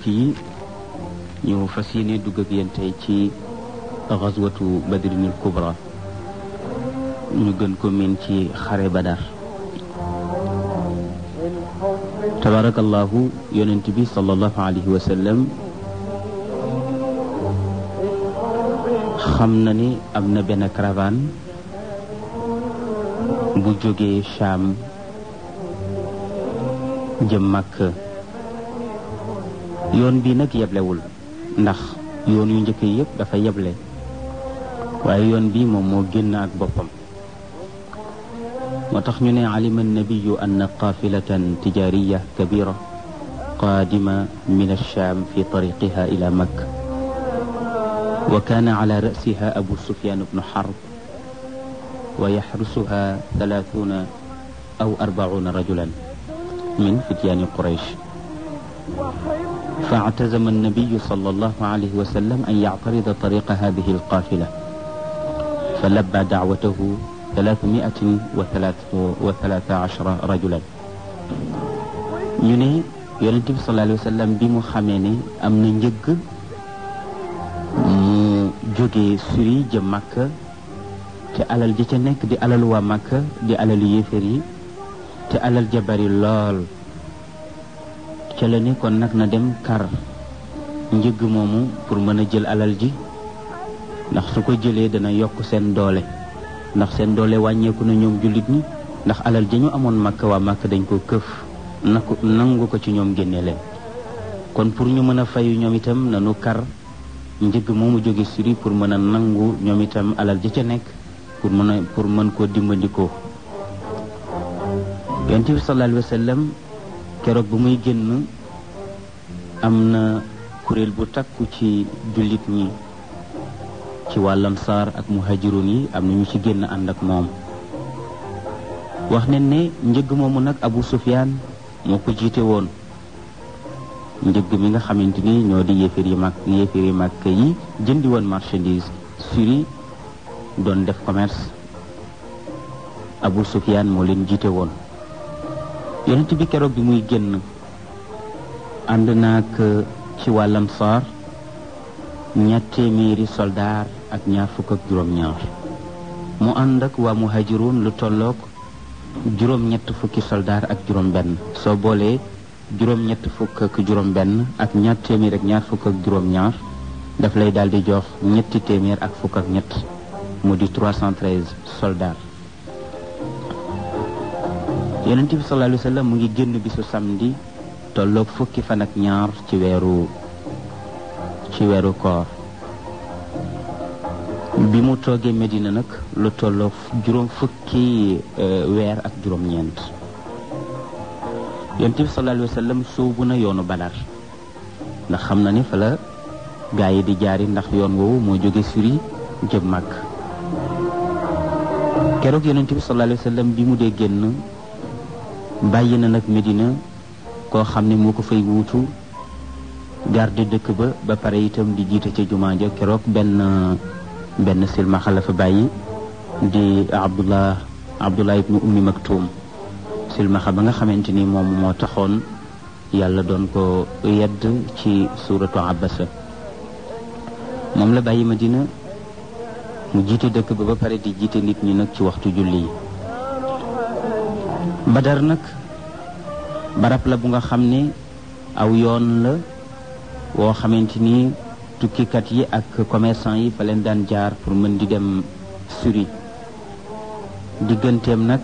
kii ñu fas yéene dugg ak tey ci xaswatu badrinil kubra ñu gën ko miin ci xare badar tabarakallahu yonent bi sallallahu xam na ni am na benn caravane bu joge Cham jëm Makka yoon bii nag yeblewul ndax yoon yu njëkk yi yëpp dafa yeble waaye yoon bii moom moo génn ak boppam moo tax ñu ne alima nabiyu anna qafilatan tijariya kabira qaadima min alsham fi tariqiha ila makka wa kaana ala rasiha abu sufyan bnu harb wa yaxrusuha talaatuna aw arbauna rajulan min fityaani quraysh فاعتزم النبي صلى الله عليه وسلم أن يعترض طريق هذه القافلة فلبى دعوته 313 رجلا ñu ne yonent bi sallallahu alayhi wa sallam bi mu xamee ne am na njëgg mu jógee suri jëm Makka te alal ji ca nekk di alal waa Makka di alal yéeféer yi te alal ja bari lool ca ne kon nag na dem kar njëg moomu pour mën a jël alal ji ndax su ko jëlee dana yokk seen doole ndax seen doole wàññeeku na ñoom jullit ñi ndax alal ja ñu amoon màkk waa màkk dañ ko këf naku nangu ko ci ñoom génne leen kon pour ñu mën a fayu ñoom itam nanu kar njëgg moomu jóge suri pour mën a nangu ñoom itam alal ja ca nekk pour mën a pour mën koo dimbandikoo yonent keroog bu muy génn am na kuréel bu takku ci jullit ñi ci wàllam saar ak muhajirun yi am na ñu ci génn ànd ak moom wax ne ne njëgg moomu nag Abu Sufyaan moo ko jiite woon njëgg mi nga xamante ni ñoo di yéefar yi mag yéefar yi mag yi suri doon def commerce Abu Sufyaan moo leen jiite woon yonent bi keroog bi muy génn ànd naak ci wàllam soor ñaar téeméeri soldaar ak ñaar fukk ak juróom-ñaar mu ànd ak waa muhajirun lu tolloog juróom-ñett fukki soldaar ak juróom-benn soo boolee juróom-ñett fukk ak juróom-benn ak ñaar téeméer ak ñaar fukk ak daf lay daal di jox téeméer ak fukk ñett mu di 313 soldaar yonent bi sallallahu mu ngi génn bisu samedi tolloog fukki fan ak ñaar ci weeru ci weeru koor bi mu toogee Medina nag lu tolloog juróom fukki euh, weer ak juróom-ñeent yonent bi sallallahu alayhi wa na yoonu Badar ndax xam na ne fa la gaa yi di jaari ndax yoon woowu moo jóge suri jëm mag keroog yonent bi sallallahu bi mu dee génn bàyyi na nag Medina koo xam ne moo ko fay wuutu garde dëkk ba ba pare itam di jiite ca jumaa ja keroog benn benn silmaxa la fa bàyyi di Abdullah Abdullah ibnu Ummi Maktum silmaxa ba nga xamante ni moom moo taxoon yàlla doon ko yedd ci suuratu Abasa moom la bàyyi Madina mu jiite dëkk ba ba pare di jiite nit ñi nag ci waxtu julli badar nag barab la bu nga xam ni aw yoon la woo xamante ni tukkikat yi ak commerçant yi fa leen daan jaar pour mën di dem suri digganteem nag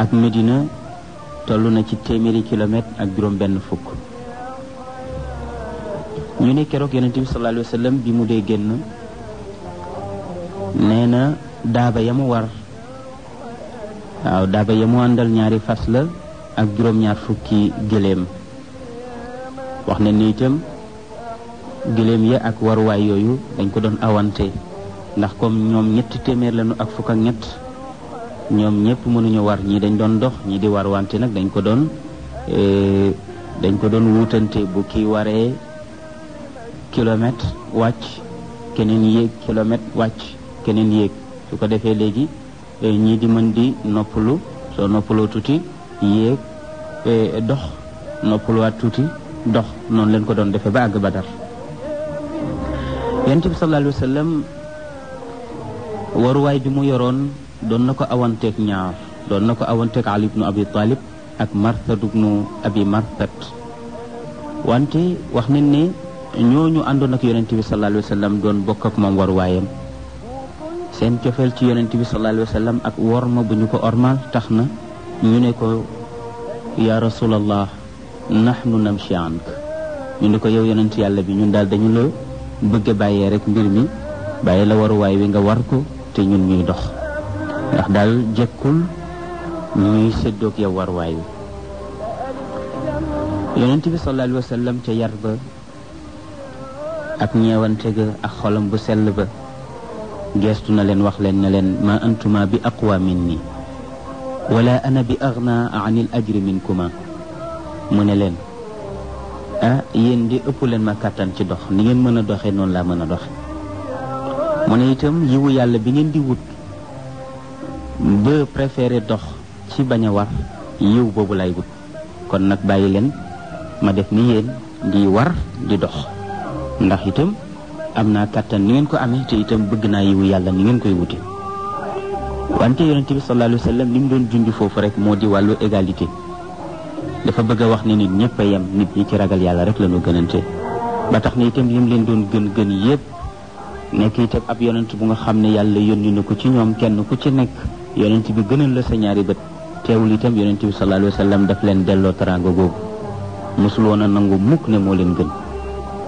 ak Medina toll na ci téeméeri kilomètre ak juróom benn fukk ñu ne keroog yonent bi bi mu dee génn nee na daaba ya mu war waaw daba ya mu àndal ñaari fas la ak juróom-ñaar fukki gëléem wax na ni itam gëléem ya ak waruwaay yooyu dañ ko doon awante ndax comme ñoom ñetti téeméer lañu ak fukk ñett ñoom ñëpp mënuñu war ñii dañ doon dox ñi di war wante nag dañ ko doon eh, dañ ko doon wuutante bu kii waree kilomètre wàcc keneen yéeg kilomètre wàcc keneen yéeg su ko defee léegi Eh, ñii di mën di noppalu soo noppaloo tuuti yéeg eh, dox noppaluwaat tuuti dox noonu leen ko doon defee ba àgg Badar yonent bi sallallahu alayhi wa waruwaay bi mu yoroon doon na ko awanteeg ñaar doon na ko awanteeg Ali ibnu Abi Talib ak Marsad ibnu Abi Marsad wante wax nañ ne ñooñu àndoon ak yonent bi sallallahu alayhi wa sallam doon bokk ak moom waruwaayam seen cofeel ci yonent bi sallallahu alayhi wa sallam ak worma bu ñu ko ormal tax na ñu ne ko yaa rasulallah nahnu namshi ank ñu ne ko yow yonent yàlla bi ñun daal dañu la bëgg bàyyee rek mbir mi bàyyi la waruwaay wi nga war ko te ñun ñuy dox ndax daal jekkul ñuy séddoog yow waruwaay wi yonent bi sallallahu alayhi wa sallam ca yar ba ak ñeewante ga ak xolam bu sell ba geestu na leen wax leen na leen ma antuma bi ak aqwa nii wala ana bi agna anil ajri minkuma mu ne leen ah yéen di ëpp leen ma kàttan ci dox ni ngeen mën a doxee noonu laa mën a doxe mu ne itam yiwu yàlla bi ngeen di wut ba préféré dox ci bañ a war yiw boobu lay wut kon nag bàyyi leen ma def ni yéen di war di dox ndax itam am naa kàttan ni ngeen ko amee te itam bëgg naa yiwu yàlla ni ngeen koy wute wante yonente bi sallallahu alayhi wa sallam li mu doon junj foofu rek moo di wàllu égalité dafa bëgg a wax ni nit ñëpp a yem nit ñi ci ragal yàlla rek la gënantee gënante ba tax na itam lim leen doon gën gën yépp nekk itam ab yonent bu nga xam ne yàlla yónni na ko ci ñoom kenn ku ci nekk yonent bi gënal la sa ñaari bët teewul itam yonent bi sallallahu alayhi wa sallam daf leen delloo teraanga googu mosul woon a nangu moo leen gën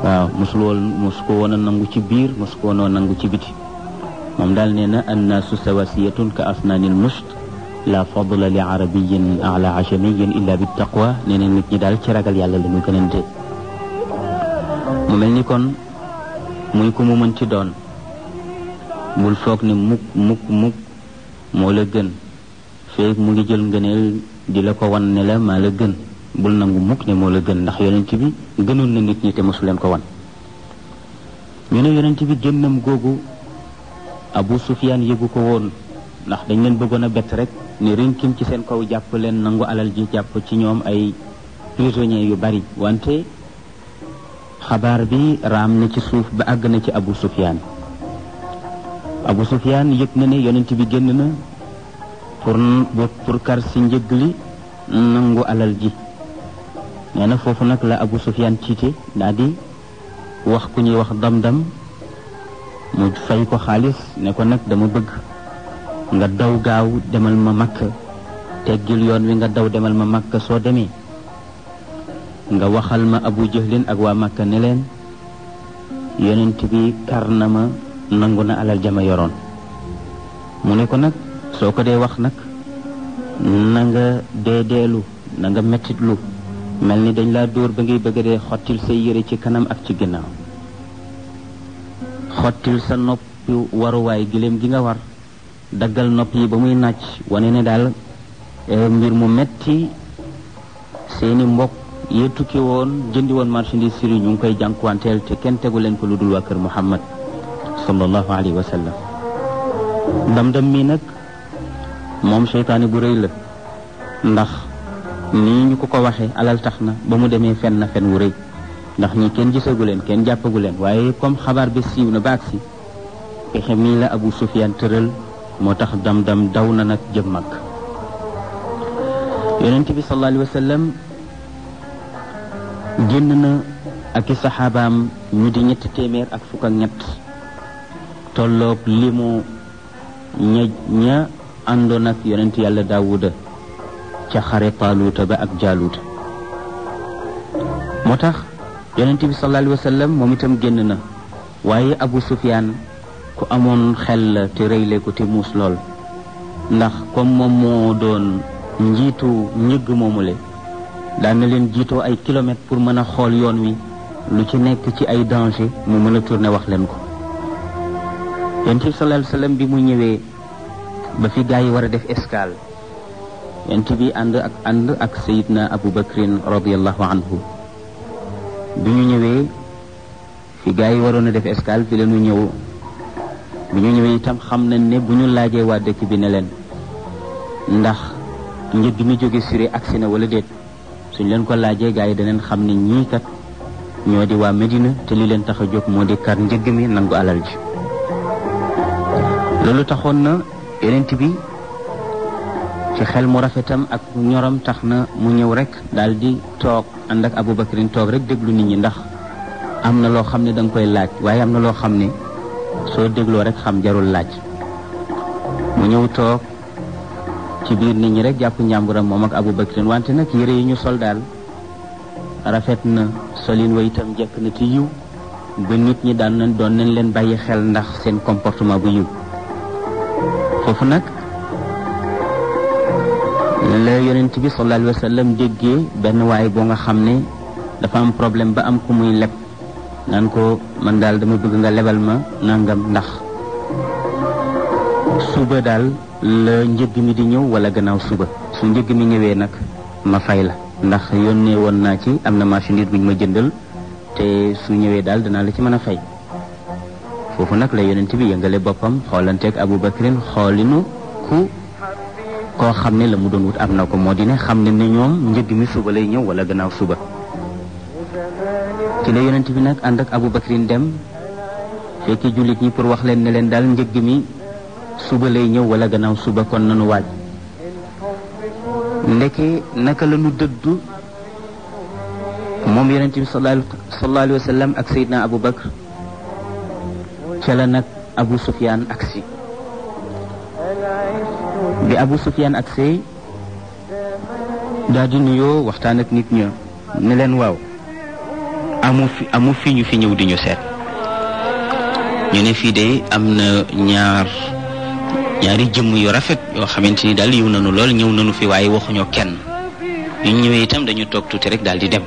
waaw mosul woon mosu nangu ci biir mosu ko woon nangu ci biti moom daal nee na annaasu sawasiyatun ka asnaanil musht la fadla li arabiyin ala ajamiyin illa bi taqwa nee na nit ñi daal ci ragal yàlla la ñu gënante mu mel ni kon muy ku mën ci doon bul foog ne mukk mukk moo la gën feeg mu ngi jël ngëneel di la ko wan ne la maa la gën bul nangu mukk ne moo la gën ndax yonent bi gënoon na nit ñi te mosu leen ko wan ñu ne yonent bi génnam googu Abu Sufyaan yëgu ko woon ndax dañ leen bëggoon a bett rek ne rinkim ci seen kaw jàpp leen nangu alal ji jàpp ci ñoom ay prisonniers yu bari wante xabaar bi raam na ci suuf ba àgg na ci Abu Sufyaan Abu Sufyaan yëg na ne yonent bi génn na pour pour kar si njëgg li nangu alal ji nee na foofu nag la Abu Sufyaan tiite daal di wax ku ñuy wax dam-dam mu fay ko xaalis ne ko nag dama bëgg nga daw gaaw demal ma makk teggil yoon wi nga daw demal ma makk soo demee nga waxal ma Abu Jahlin ak waa makk ne leen yonent bi kar na ma nangu na alal jama yoroon mu ne ko nag soo ko dee wax nag na nga deedeelu na nga mettitlu mel ni dañ laa dóor ba ngay bëgg dee xottil say yére ci kanam ak ci ginnaaw xottil sa noppi waruwaay gëléem gi nga war daggal nopp yi ba muy nàcc wane na daal eh, mbir mu metti seeni mbokk yee tukki woon jëndi woon marchandise siri ñu ngi koy jànkuwanteel te kenn tegu leen ko lu dul waa kër Muhammad sallallahu alayhi wa sallam mii nag moom seytaane bu rëy la ndax ni ñu ko ko waxee alal tax na ba mu demee fenn fen wu rëy ndax ñi kenn gisagu leen kenn jàppagu leen waaye comme xabaar bi siiw na baag si pexe mii la Abu Sufyaan tëral moo tax dam-dam daw na nag jëm mag yonent bi sallallahu génn na ak i saxaabaam ñu di ñetti téeméer ak fukk ñett tolloog limu ña ña àndoon ak yonent yàlla daawuda ca xare taaluuta ba ak jaaluuta moo tax yonent bi sallallahu moom itam génn na waaye abu sufyaan ku amoon xel la te rëyle ko te muus lool ndax comme moom moo doon njiitu ñëgg moomule daan na leen jiitoo ay kilomètres pour mën a xool yoon wi lu ci nekk ci ay danger mu mën a tourné wax leen ko yonent bi sallallahu bi mu ñëwee ba fi gaa yi war a def escale yent bi ànd ak ànd ak sayidna abu bakrin radiallahu anhu bi ñu ñëwee fi gars yi waroon a def escale fi leenu ñëw bi ñu ñëwee itam xam na ne bu ñu laajee waa dëkk bi ne leen ndax njëg mi jóge Syrie agsi na wala déet suñ leen ko laajee gars yi daneen xam ne ñii kat ñoo di waa Medina te li leen tax a jóg moo di kar njëg mi nangu alal ji loolu taxoon na yonent bi ci xel mu rafetam ak ñorom tax na mu ñëw rek daal di toog ànd ak Aboubacrine toog rek déglu nit ñi ndax am na loo xam ne danga koy laaj waaye am na loo xam ne soo dégloo rek xam jarul laaj mu ñëw toog ci biir nit ñi rek jàpp njàmburam moom ak Aboubacrine wante nag yére yi ñu sol daal rafet na solin wa itam jekk na ci yiw ba nit ñi daan nañ doon nañ leen bàyyi xel ndax seen comportement bu yiw la yonent bi sallallahu alayhi wa sallam déggee benn waay boo nga xam ne dafa am problème ba am ku muy leb naan ko man daal dama bëgg nga lebal ma nangam ndax suba daal la njëgg mi di ñëw wala gannaaw suba su njëgg mi ñëwee nag ma fay la ndax yónnee woon naa ci am na marchandise bu ñu ma jëndal te su ñëwee daal danaa la ci mën a fay foofu nag la yonent bi yëngale boppam xoolanteeg Abu Bakrin xoolinu ku koo xam ne la mu doon wut am na ko moo di ne xam ne ne ñoom njëg mi suba lay ñëw wala gannaaw suba ci la yonent bi nag ànd ak Abu Bakrin dem fekki jullit ñi pour wax leen ne leen daal njëg mi suba lay ñëw wala gannaaw suba kon nanu waaj ndeke naka la ñu dëddu moom yonent bi sallallahu alayhi wa sallam ak Seydina Abu Bakr ca la nag Abu Sufyaan aksi bi Abu Sufyaan ak sëy daal nuyoo waxtaan ak nit ña ne leen waaw amu fi amu fi ñu fi ñëw di ñu seet ñu ne fii de am na ñaar ñaari jëmm yu rafet yoo xamante ni daal yiw nañu lool ñëw nañu fi waaye waxuñoo kenn ñu ñëwee itam dañu toog tuuti rek daal di dem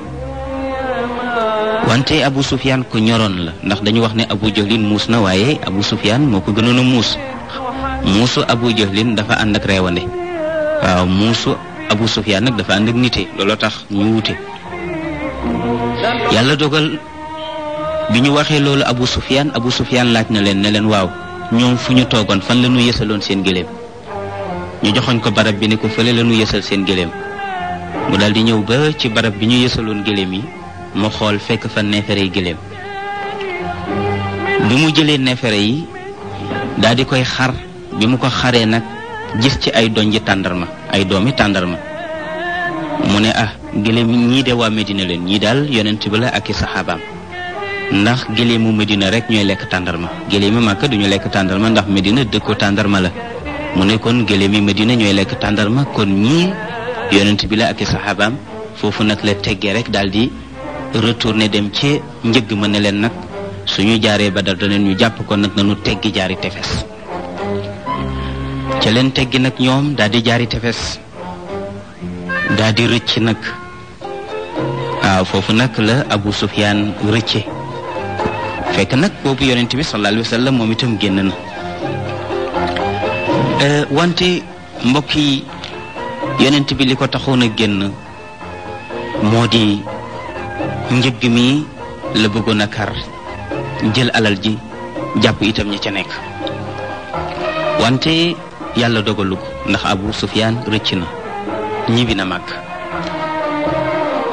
wante Abu Sufyaan ko ñoroon la ndax dañu wax ne Abu Jahlin muus na waaye Abu Sufyaan moo ko gënoon muus muusu abu jahlin dafa ànd ak reewande waaw muusu abu sufyaan nag dafa ànd ak nite looloo tax ñu wute yàlla dogal bi ñu waxee loolu abu sufyaan abu sufyaan laaj na leen ne leen waaw ñoom fu ñu toogoon fan la ñu yësaloon seen gëléem ñu joxoñ ko barab bi ne ko fële la ñu yësal seen gëléem mu daal di ñëw ba ci barab bi ñu yësaloon gëléem yi mu xool fekk fa neefere yi gëléem bi mu jëlee neefere yi daal koy xar bi mu ko xaree nag gis ci ay doñ ji tàndarma ay doomi tàndarma mu ne ah gëléem ñii de waa Medina leen ñii daal yonent bi la ak i saxaabaam ndax gëléemu Medina rek ñooy lekk tàndarma gëléemi Màkka duñu lekk tàndarma ndax Medina dëkkoo tàndarma la mu ne kon gëléemi Medina ñooy lekk tàndarma kon ñii yonent bi la ak i saxaabaam foofu nag la teggee rek daal di ne dem ci njëgg mën ne leen nag suñu jaaree Badar danañ ñu jàpp kon nag nañu teggi jaari tefes ca leen teggi nag ñoom daal di jaari tefes daal di rëcc nag waaw foofu nag la Abu Sufyaan rëcce fekk nag boobu yonent bi sallallahu alayhi wa moom itam génn na eh, wante mbokk yi yonent bi li ko taxoon a génn moo di njëg mi la bëggoon a kar jël alal ji jàpp itam ñi ca nekk wante yàlla dogalu ko ndax abu sufyaan rëcc na ñibbi na màkk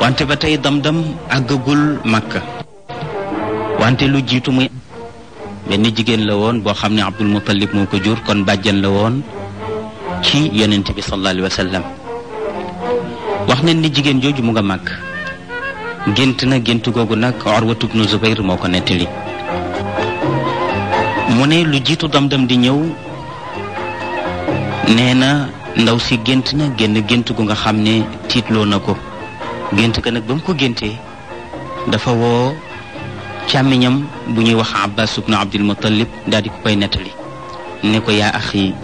wante ba tey dam-dam àggagul màkk wante lu jiitu mu benn jigéen la boo xam ne abdul muttalib moo kon bàjjan la woon ci yonent bi wax nen ni jigéen jooju mu nga màkk gént na gént googu nag Urwatu bnu Zubayr moo ko nettali mu ne lu jiitu dam di ñëw nee na ndaw si gént na génn gént gu nga xam ne tiitloo na ko gént ka nag ba mu ko géntee dafa woo càmmiñam bu ñuy wax abbas ibnu abdul muttalib daal di ko nettali ne ko yaa axi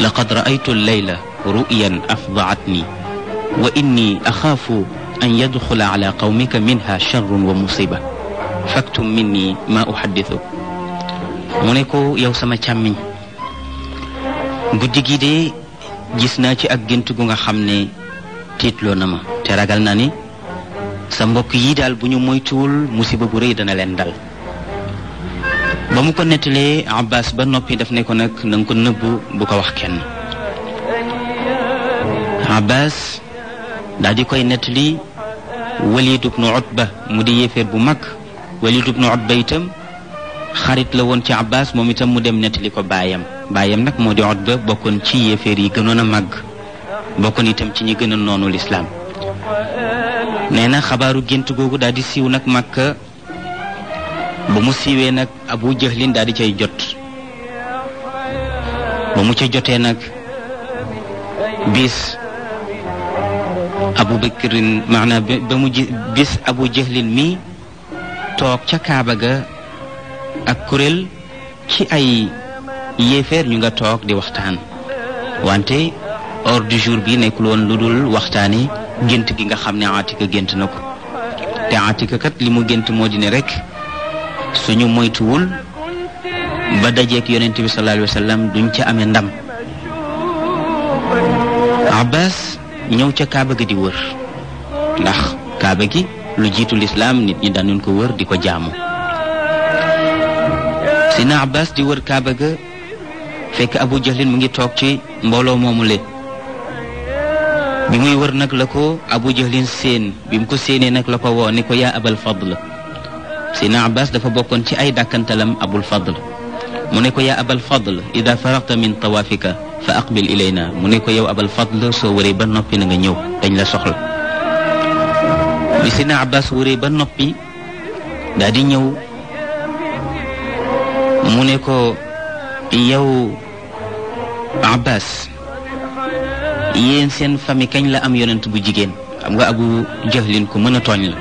laqad raaytu llayla ru'yan afdaatni wa inni axaafu an yadxula ala qawmika minha charrun wa musiba faktum minni ma uhaddithu mu ne ko yow sama càmmiñ guddi gi de gis naa ci ak gént gu nga xam ne tiitloo na ma te ragal na ni sa mbokk yi daal bu ñu moytuwul musiba bu rëy dana leen dal ba mu ko nettalee Abbas ba noppi daf ne ko nag na ko nëbbu bu ko wax kenn Abbas daal di koy nettali Walid ibn ba mu di yéeféer bu mag Walid ibn Utba itam xarit la woon ci Abbas moom itam mu dem nettali ko baayam bàyyam nag moo di Utba bokkoon ci yéeféer yi gënoon a màgg bokkoon itam ci ñi gën a noonu lislaam nee na xabaaru gént googu daal di siiw nag Makka ba mu siiwee nag Abu Jahlin daldi cay jot ba mu ca jotee nag bis Abu Bakrin maanaam ba mu bis Abu Jahlin mi toog ca Kaaba ga ak kuréel ci ay yéeféer ñu nga toog di waxtaan wante ordre du jour bi nekkuloon lu dul waxtaani gént gi nga xam ne Atika gént na ko te Atika li mu gént moo di ne rek suñu moytuwul ba dajeek yonent bi sallallahu alayhi wa duñ ca ame ndam Abbas ñëw ca Kaaba gi di wër ndax Kaaba gi lu jiitu lislaam nit ñi daanuñ ko wër di ko jaamu Sina Abbas di wër Kaaba ga fekk abu jahlin mu ngi toog ci mbooloo moomu le bi muy wër nag la ko abu jahlin séen bi mu ko séenee nag la ko woo ni ko yaa abal fadl sina abbas dafa bokkoon ci ay dàkkantalam abul fadl mu ne ko yaa abal fadl ida faragta min tawaafika fa aqbil ilayna mu ne ko yow abal fadl soo wëree ba noppi na nga ñëw dañ la soxla bi sina abbas wëree ba noppi daa di ñëw mu ne ko yow Abbas yéen seen famille kañ la am yonent bu jigéen xam nga abu jahlin ko mën a tooñ la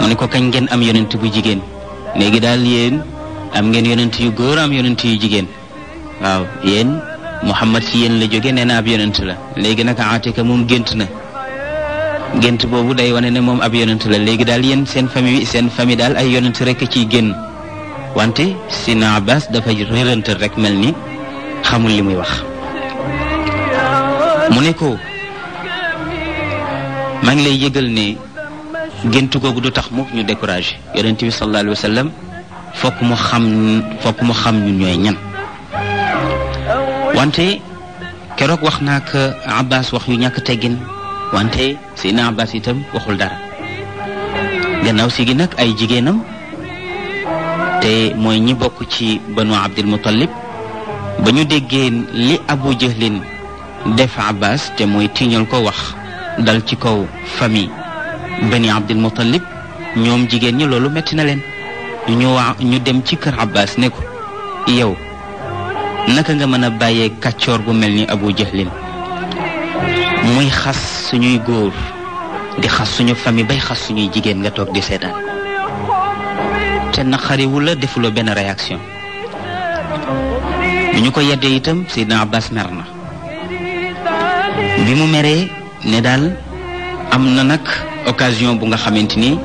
mu ne ko kañ ngeen am yonent bu jigéen léegi daal yéen am ngeen yonent yu góor am yonent yu jigéen waaw yéen Muhammad ci yéen la jóge nee na ab yonent la léegi nag Atika moom gént na gént boobu day wane ne moom ab yonent la léegi daal yéen seen famille seen famille daal ay yonent rek a ciy génn wante Sina Abbas dafa réerantal rek mel ni xamul li muy wax mu ne ko maa ngi lay yëgal ne gént googu du tax mukk ñu décourage yonent bi sallallahu alayhi wa sallam fokk mu xam fokk ñooy ñan wante keroog wax naa ko Abbas wax yu ñàkk teggin wante Seydina Abbas itam waxul dara gannaaw si gi nag ay jigéenam te mooy ñi bokk ci banu Abdul Muttalib ba ñu déggee li abu jahlin def abbas te mooy tiñal ko wax dal ci kaw famille bani abdil muttalib ñoom jigéen ñi loolu metti na leen ñu wax ñu dem ci kër abbas ne ko yow naka nga mën a bàyyee kàccoor gu mel ni abu jahlin muy xas suñuy góor di xas suñu famille bay xas suñuy jigéen nga toog di seetaan te naqariwu la defuloo benn réaction bi ñu ko yeddee itam Seydina Abbas mer na bi mu meree ne daal am na nag occasion bu nga xamante ni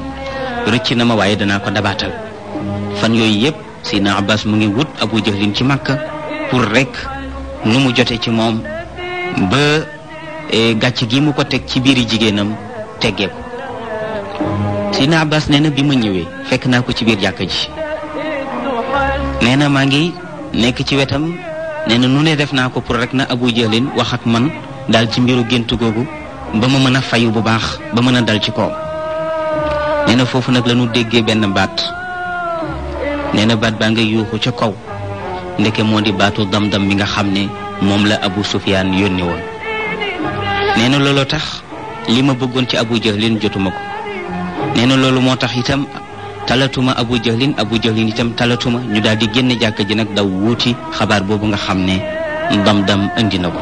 rëcc na ma waaye danaa ko dabaatal fan yooyu yëpp Seydina Abbas mu ngi wut Abu Jahlin ci Makka pour rek nu mu jote ci moom ba e, gàcc gi mu ko teg ci biiri jigéenam teggee ko Seydina Abbas nee na bi ma ñëwee fekk naa ko ci biir jàkka ji nee na maa ngi nekk ci wetam nee na nu ne def naa ko pour rek na abu jëlin wax ak man daal ci mbiru gént googu ba ma mën a fayu bu baax ba mën a dal ci kawam nee foofu nag la ñu déggee benn baat nee na baat baa nga yuuxu ca kaw ndeke moo di baatu dam-dam bi nga xam ne moom la abu sufyaan yónni woon nee na looloo tax li ma bëggoon ci abu jahlin jotuma ko nee loolu moo tax itam talatuma abu jahlin abu jahlin itam talatuma ñu daal di génn jàkka ji nag daw wuuti xabaar boobu nga xam ne dam-dam indi na ko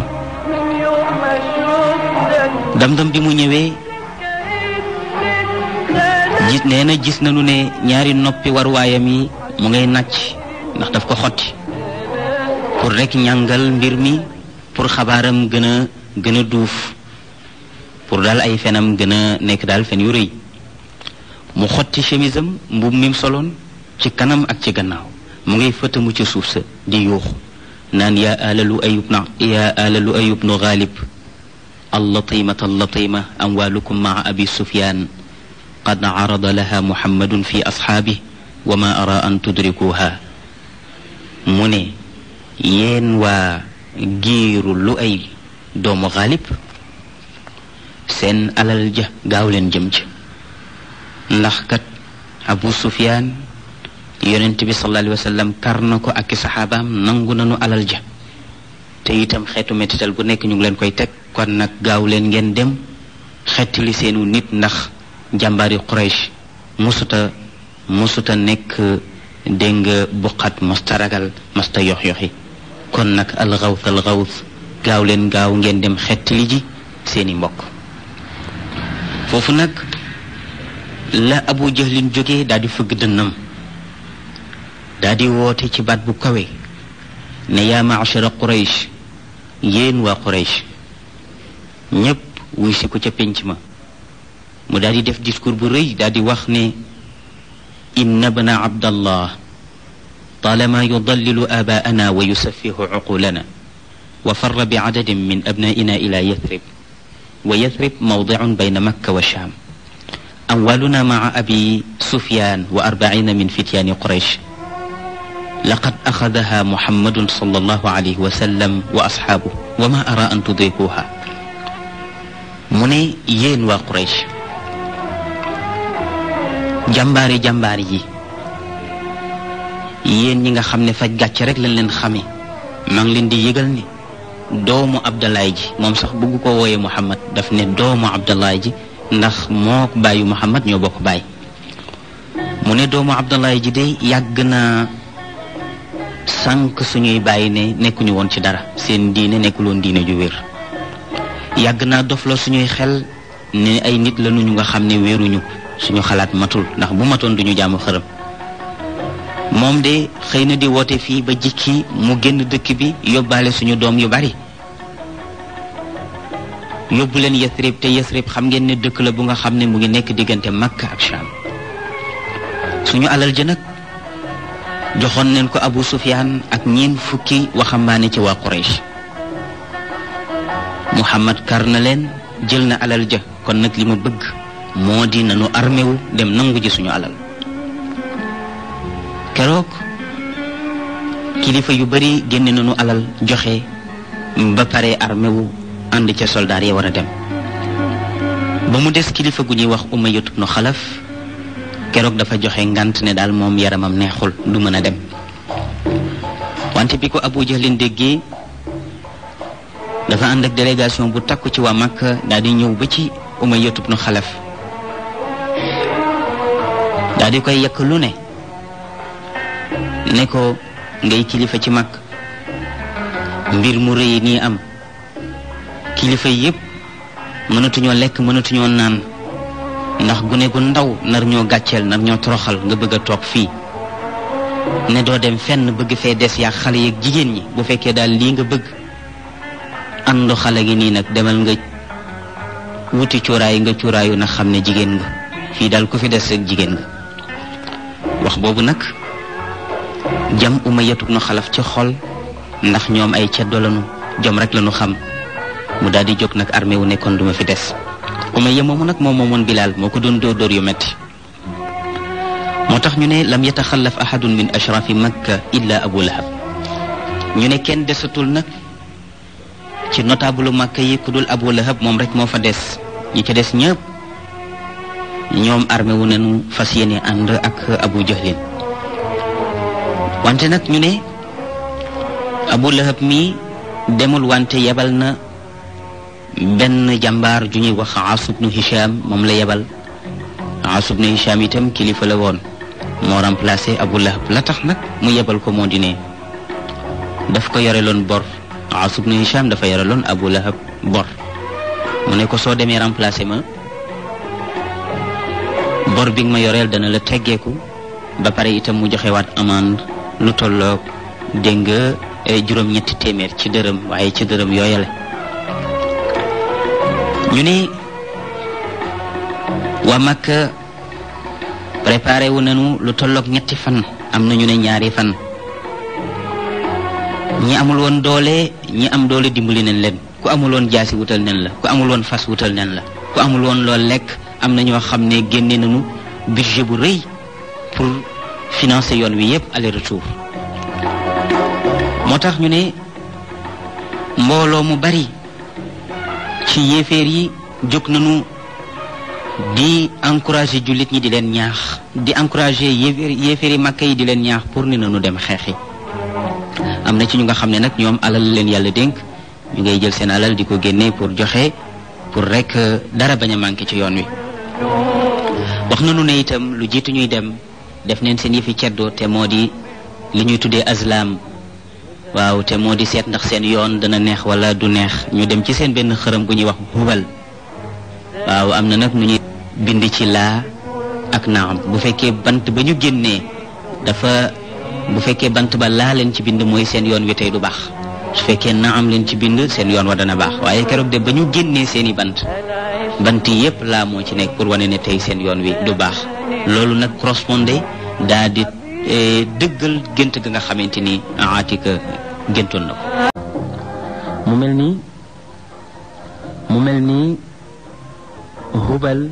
dam-dam bi mu ñëwee gis nee na gis nañu ne ñaari noppi warwaayam yi mu ngay nàcc ndax daf ko xotti pour rek ñàngal mbir mi pour xabaaram gën a gën a duuf pour daal ay fenam gën a nekk daal fen yu rëy mu xotti chemisam mbub mim soloon ci kanam ak ci gannaaw mu ngay fëtamu ci suuf sa di yuuxu naan yaa alalu ayub na yaa alalu ayub nu gaalib allatimata allatima amwalukum maa sufyaan qad carada laha muhammadun ara an tudrikuha mu ne yéen waa giiru lu ay doomu xaalib seen alal ja gaaw leen jëm ca ndax kat abu sufyaan yonent bi sallallahu alayhi wa kar na ko ak i saxaabaam nangu nañu alal ja te itam xeetu mettital bu nekk ñu ngi leen koy teg kon nag gaaw leen ngeen dem xeetili li seenu nit ndax jàmbaari Quraysh musuta musuta nekk dégg nga buqat mosta ragal mosta yox yoxi kon nag alxawth alxawth gaaw leen gaaw ngeen dem xetti ji seeni mbokk foofu nag la abu jahlin jógee daal di fëgg dënnam daal di woote ci baat bu kawe ne yaa maachara quraysh yéen waa quraysh ñépp wuy si ko ca pénc ma mu daal di def discours bu rëy daal wax ne inna bna abdallah talama yudallilu abaana wa yusafihu uqulana wa farra bi adadin ila yathrib wa yathrib makka wa sham أولنا مع أبي سفيان وأربعين من فتيان قريش لقد أخذها محمد صلى الله عليه وسلم وأصحابه وما أرى أن تدركوها mu ne yéen waa Quraysh jàmbaari jàmbaar yi yéen ñi nga xam ne faj gàcc rek lañ leen xame maa ngi leen di yëgal ni doomu Abdalaay ji moom sax bëgg ko wooye Muhammad daf ne doomu Abdalaay ji ndax moo bàyyu Muhammad ñoo bokk baay mu ne doomu Abdullahi ji de yàgg na sànq suñuy bàyyi ne nekkuñu woon ci dara seen diine nekkuloon diine ju wér yàgg na dof la suñuy xel ne ay nit la ñu nga xam ni wéeruñu suñu xalaat matul ndax bu matoon duñu jàmm xërëm moom de xëy na di woote fii ba jikki mu génn dëkk bi yóbbaale suñu doom yu bari yóbbu leen yasrib te yasrib xam ngeen ne dëkk la bu nga xam ne mu ngi nekk diggante makka ak sham suñu alal ja nag joxoon leen ko abu sufyaan ak ñeent fukki waxambaane ci waa quraysh muhammad kar na leen jël na alal ja kon nag li ma bëgg moo di nanu armé dem nangu ji suñu alal keroog kilifa yu bari génne nanu alal joxe ba pare armé ànd ca soldaar ya war a dem ba mu des kilifa gu ñuy wax Umayyatu bnu Xalaf keroog dafa joxe ngant ne daal moom yaramam neexul du mën a dem wante bi ko Abu Jahlin déggee dafa ànd ak délégation bu takku ci waa Makka daal di ñëw ba ci Umayyatu bnu Xalaf daal di koy yekk lu ne ne ko ngay kilifa ci mag mbir mu rëy nii am kilifa yépp mënatuñoo lekk mënatuñoo naan ndax gune gu ndaw nar ñoo gàcceel nar ñoo toroxal nga bëgg a toog fii ne doo dem fenn bëgg fee des yaa xale yeeg jigéen ñi bu fekkee daal lii nga bëgg àndu xale gi nii nag demal nga wuti cuuraay nga cuuraayu na xam ne jigéen nga fii daal ku fi des rek jigéen nga wax boobu nag jam uma yetuk nu xalaf ci xol ndax ñoom ay ceddo lanu jom rek lanu xam mu daal di jóg nag armée wu nekkoon du ma fi des Umayya moomu nag moom moomoon Bilaal moo ko doon dóor dóor yu metti moo tax ñu ne lam yataxallaf ahadun min ashrafi makka illa abu lahab ñu ne kenn desatul nag ci notable makka yi ku dul abu lahab moom rek moo fa des ñi ca des ñëpp ñoom armé wu nañu fas yéene ànd ak abu jahlin wante nag ñu ne abu lahab mi demul wante yebal na benn jàmbaar ju ñuy wax Aas ibnu Hisham moom la yebal Aas ibnu Hisham itam kilifa la woon moo remplacé Abu Lahab la tax nag mu yebal ko moo di ne daf ko yore loon bor Aas ibnu Hisham dafa yore loon Abu Lahab bor mu ne ko soo demee remplacé ma bor bi nga ma yoreel dana la teggeeku ba pare itam mu joxewaat amende lu tolloog dégg nga eh, juróom-ñetti téeméer ci dërëm waaye ci dërëm yooyale ñu ni waa Makka préparé wu nañu lu tolloog ñetti fan am na ñu ne ñaari fan ñi amul woon doole ñi am doole dimbali nañ leen ku amul woon jaasi wutal nañ la ku amul woon fas wutal nañ la ku amul woon lool lekk am na ñoo xam ne génne nañu budget bu réy pour financé yoon wi yépp ale retour moo tax ñu ne mbooloo mu bari ci yéeféer yi jóg nañu di encouragé jullit ñi di leen ñaax di encouragé yéeféer yéeféer yi màkka yi di leen ñaax pour ni na nu dem xeexi am na ci ñu nga xam ne nag ñoom alal leen yàlla dénk ñu ngay jël seen alal di ko génne pour joxe pour rek euh, dara bañ a ci yoon wi wax nañu ne itam lu jiitu ñuy dem def neen seen yëfi ceddoo te moo di li ñuy tuddee aslaam waaw te moo di seet ndax seen yoon dana neex wala du neex ñu dem ci seen benn xërëm bu ñuy wax hubal waaw am na nag nu ñuy bind ci laa ak naam bu fekkee bant ba ñu génnee dafa bu fekkee bant ba laa leen ci bind mooy seen yoon wi tey du baax su fekkee naam leen ci bind seen yoon wa dana baax waaye keroog de ba ñu génnee seen i bant bant yépp laa moo ci nekk pour wane ne tey seen yoon wi du baax loolu nag correspondé daal di eh, dëggal gént ga nga xamante ni atik géntoon na ko mu mel nii mu mel nii Hubal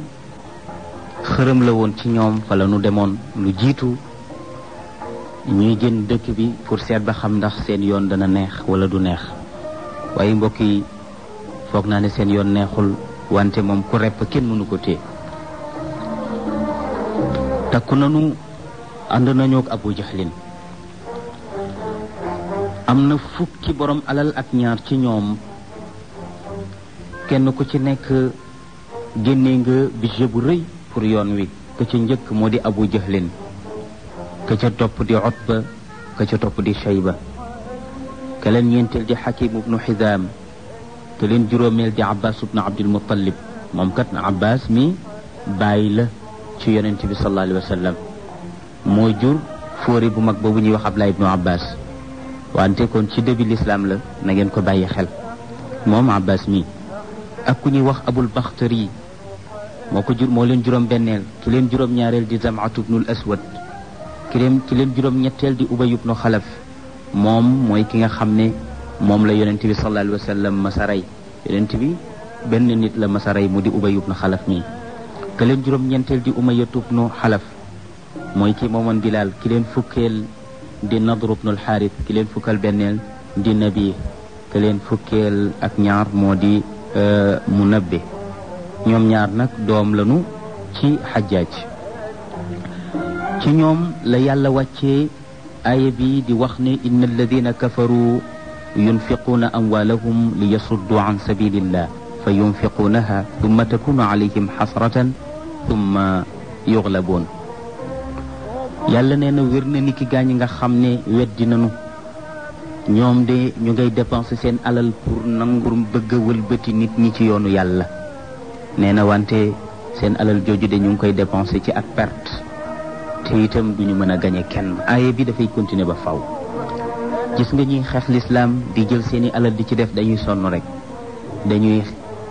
xërëm la woon ci ñoom fa nu demoon lu jiitu ñuy jën dëkk bi pour seet ba xam ndax seen yoon dana neex wala du neex waaye mbokk yi foog naa ne seen yoon neexul wante moom ku repp kenn mënu ko téye takku nanu ànd nañu ak Abu Jahlin am na fukki boroom alal ak ñaar ci ñoom kenn ku ci nekk génne nga budget bu rëy pour yoon wi ka ca njëkk moo di abu jahlin ka ca topp di utba ka ca topp di shayba ka leen ñeenteel di xakim ibnu xidaam te leen juróomeel di abbas ibnu abdul muttalib moom kat abbas mi bàyyi la ci yonent bi sallallahu alayhi wa sallam mooy jur fóori bu mag boobu ñuy wax ablaay ibnu abbas wante kon ci début lislaam la na ngeen ko bàyyi xel moom abbas mi ak ku ñuy wax abul baxtari yi moo ko jur moo leen juróom benneel ki leen juróom ñaareel di zamatu bnul aswad ki leen ki leen juróom ñetteel di ubay ibnu xalaf moom mooy ki nga xam ne moom la yonent bi sallallahu alayhi wa sallam masaray yonent bi benn nit la masaray mu di ubay ibnu xalaf mii ki leen juróom ñeenteel di umayatu bnu xalaf mooy ki moomoon bilaal ki leen fukkeel di nadru bnul xaarit ki leen fukkal benneel di nabi ki leen fukkeel ak ñaar moo di euh, mu nabbe ñoom ñaar nag doom lañu ci xajaaj ci ñoom la yàlla wàccee aaya bi di wax ne inna alladina kafaru yunfiquuna amwaalahum li yasuddu an sabilillah fa yunfiquunaha thumma takunu alayhim xasratan thumma yuglabuun yàlla nee na wér na ni ki gaañ nga xam ne wet weddi nanu ñoom de ñu ngay dépenser seen alal pour nangurum bëgg a wëlbati nit ñi ci yoonu yàlla nee na wante seen alal jooju de ñu ngi koy dépenser ci ak perte te itam du ñu mën a gañe kenn aaye bi dafay continuer ba faw gis nga ñuy xeex lislaam di jël seeni alal di ci def dañuy sonn rek dañuy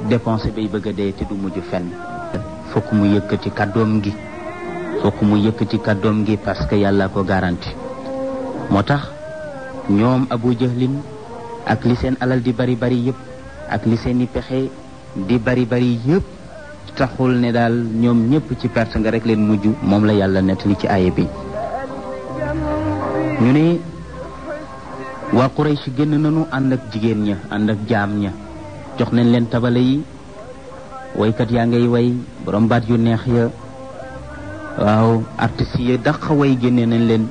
dépenser bay bëgg a dee te du mujj fenn fokk mu yëkkati kàddoom gi fokk mu ci kàddoom gi parce que yàlla ko garanti moo tax ñoom abu jahlin ak li seen alal di bari bari yépp ak li seeni pexe di bari bari yëpp taxul ne daal ñoom ñëpp ci perte nga rek leen mujj moom la yàlla nettali ci aaye bi ñu ne waa Quraysh génn nañu ànd ak jigéen ña ànd ak jaam ña jox nañ leen tabale yi waykat yaa ngay way borom baat yu neex ya waaw artistes yi daq way génne nañ leen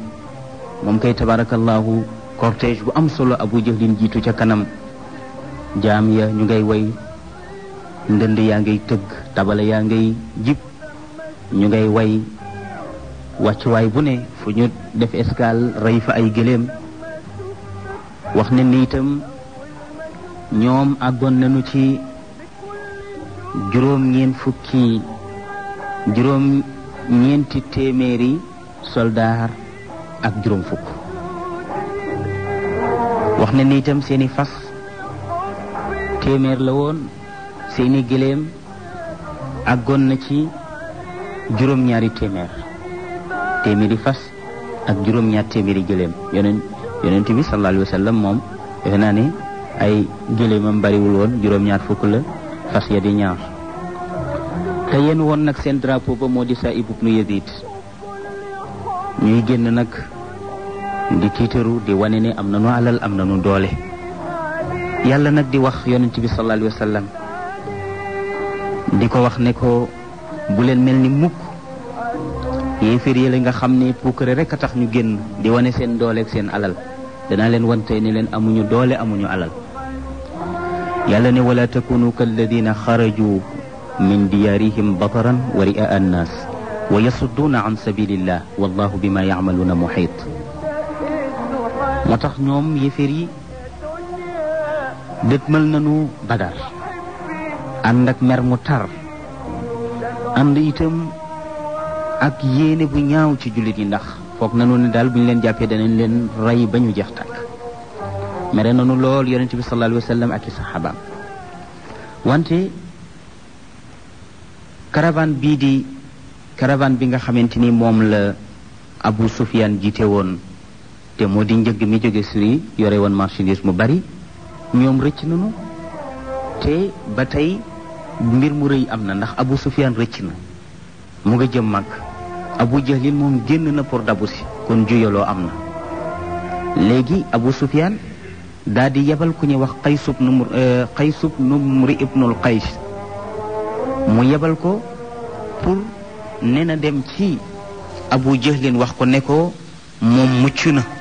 moom kay tabarakallahu cortège bu am solo abu jëlin jiitu ca kanam jaam ya ñu ngay way ndënd yaa ngay tëgg tabala yaa ngay jib ñu ngay way wàccuwaay bu ne fu ñu def escale rey fa ay gëléem wax ne ni itam ñoom àggoon nañu ci juróom ñeen fukki juróom ñeenti téeméeri soldaar ak juróom fukk wax na nitam seeni fas téeméer la woon seeni gëléem àggoon na ci juróom ñaari téeméer téeméeri fas ak juróom ñaar téeméeri gëléem yonent yonent bi sallallahu alayhi moom defe naa ne ay gëléemam bariwul woon juróom ñaar fukk la fas ya di ñaar te yéen woon nag seen drapeau ba moo di Saïb ibnu Yazid ñuy génn nag di tiitaru di wane ni am na nu alal am na nu doole yàlla nag di wax yonent bi sallallahu alayhi wa di ko wax ne ko bu leen mel ni mukk yéeféer yi la nga xam ne puukare rek a tax ñu génn di wane seen dooleeg seen alal danaa leen wante ne leen amuñu doole amuñu alal yàlla ne wala takunu kalladina xaraju min diyaarihim bataran wa ri'aa annaas wa yasudduuna an sabilillah wallahu bima yacmaluuna muxiit moo tax ñoom yëfër yi dëgmal nañu badar ànd ak mer mu tar ànd itam ak yéene bu ñaaw ci jullit yi ndax foog nañu ne daal bu leen jàppee danañ leen ray ba ñu jeex tàkk mere nañu lool yonente bi sallallahu alayhi wa sallam ak i saxaabaam caravane bii di caravane bi nga xamante ni moom la Abu Sufyan jiite woon te moo di njëg mi jóge suri yore woon marchandise mu bari ñoom rëcc nañu te ba tey mbir mu rëy am na ndax Abu Sufyan rëcc na mu nga jëm mag Abu Jahlin moom génn na pour dabu si kon juyaloo am na léegi Abu Sufyan daal di yebal ku ñuy wax Qays ibnu Murri euh, ibnul Qays mu yebal ko pour ne na dem ci abu jahlin wax ko ne ko moom mucc na